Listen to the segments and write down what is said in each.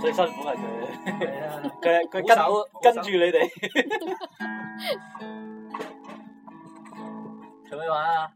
最辛苦係佢， 佢佢跟 像跟住着你哋、 啊，準備完啦。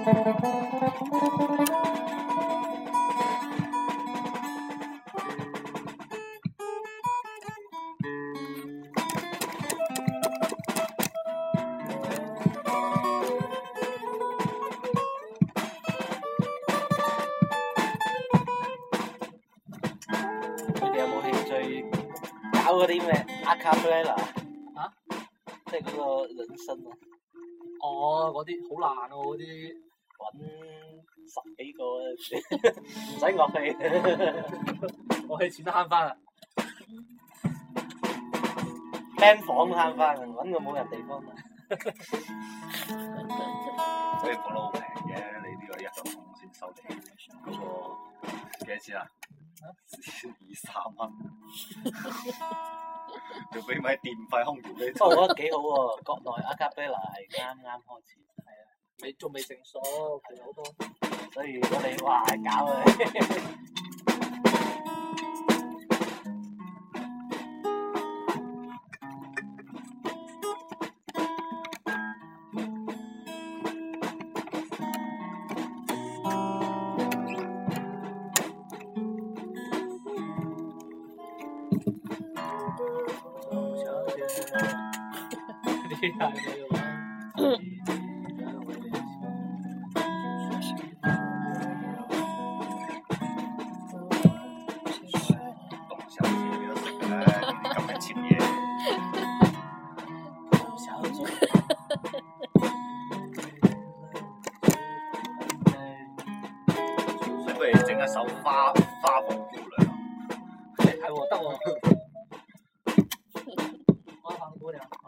你哋有冇興趣搞嗰啲咩阿卡貝拉？難喎，嗰啲搵十幾個唔使樂器，樂器錢都慳翻啦，band 房都慳翻，搵個冇人地方嘛，所以房都好平嘅，你呢個一晝房先收你嗰個幾多錢啊？二三蚊，就俾埋電費空調呢？我覺得幾好喎，國內阿 Gabriella 係啱啱開始，係啊。未，仲未成熟，仲有好多，所以如果你話係搞佢，哈哈哈。你睇下。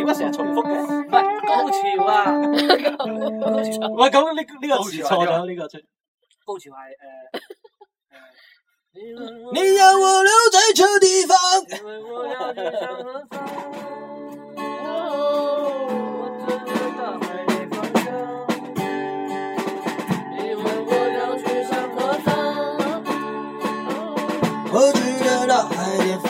點解成日重複嘅？唔係高潮啊！唔係咁呢？呢個錯咗呢個出。高潮係「你讓我留在這地方。」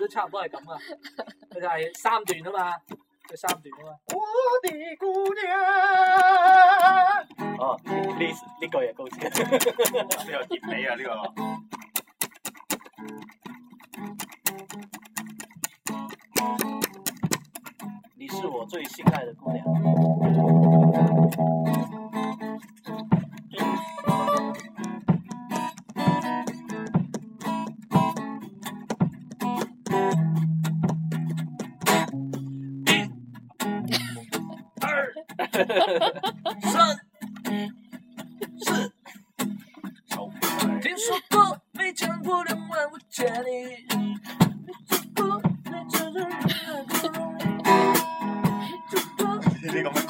都差唔多係咁啊，佢就係、是、三段啊嘛，佢、就是、三段啊嘛。我哋姑娘。哦，呢呢個嘢高啲。你有結尾啊，呢個。你是我最心愛的姑娘。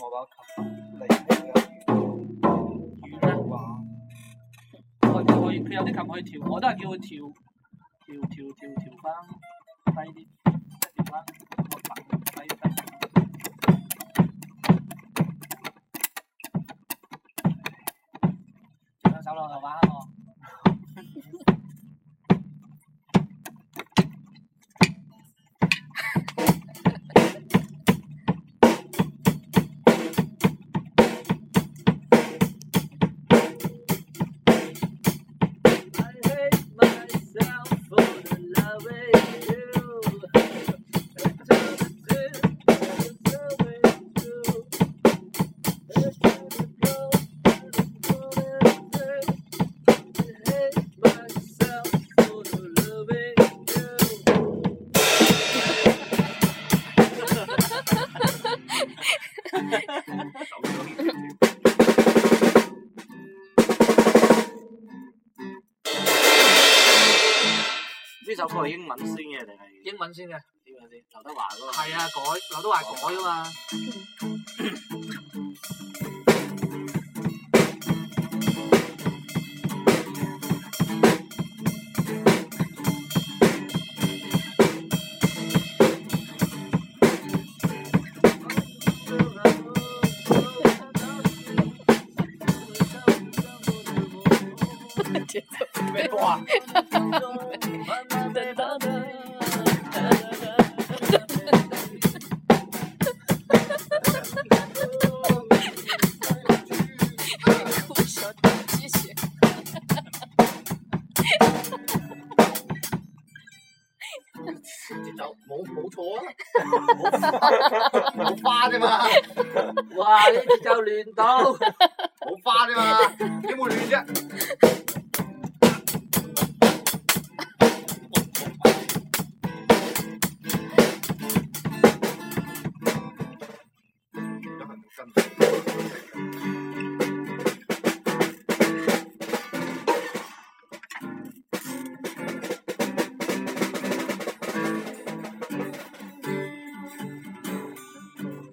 我把琴嚟嘅，雨咧，佢佢可以，佢有啲琴可以調，我都係叫佢調，調調調調翻低啲，調翻個品低低。兩手落嚟玩。啱先嘅，點啊先？劉德華嗰個。係啊，改劉德華改啊嘛。嗯嗯就冇冇錯啊！冇花啫嘛，哇！呢啲就亂到，冇花啫嘛，點會亂啫。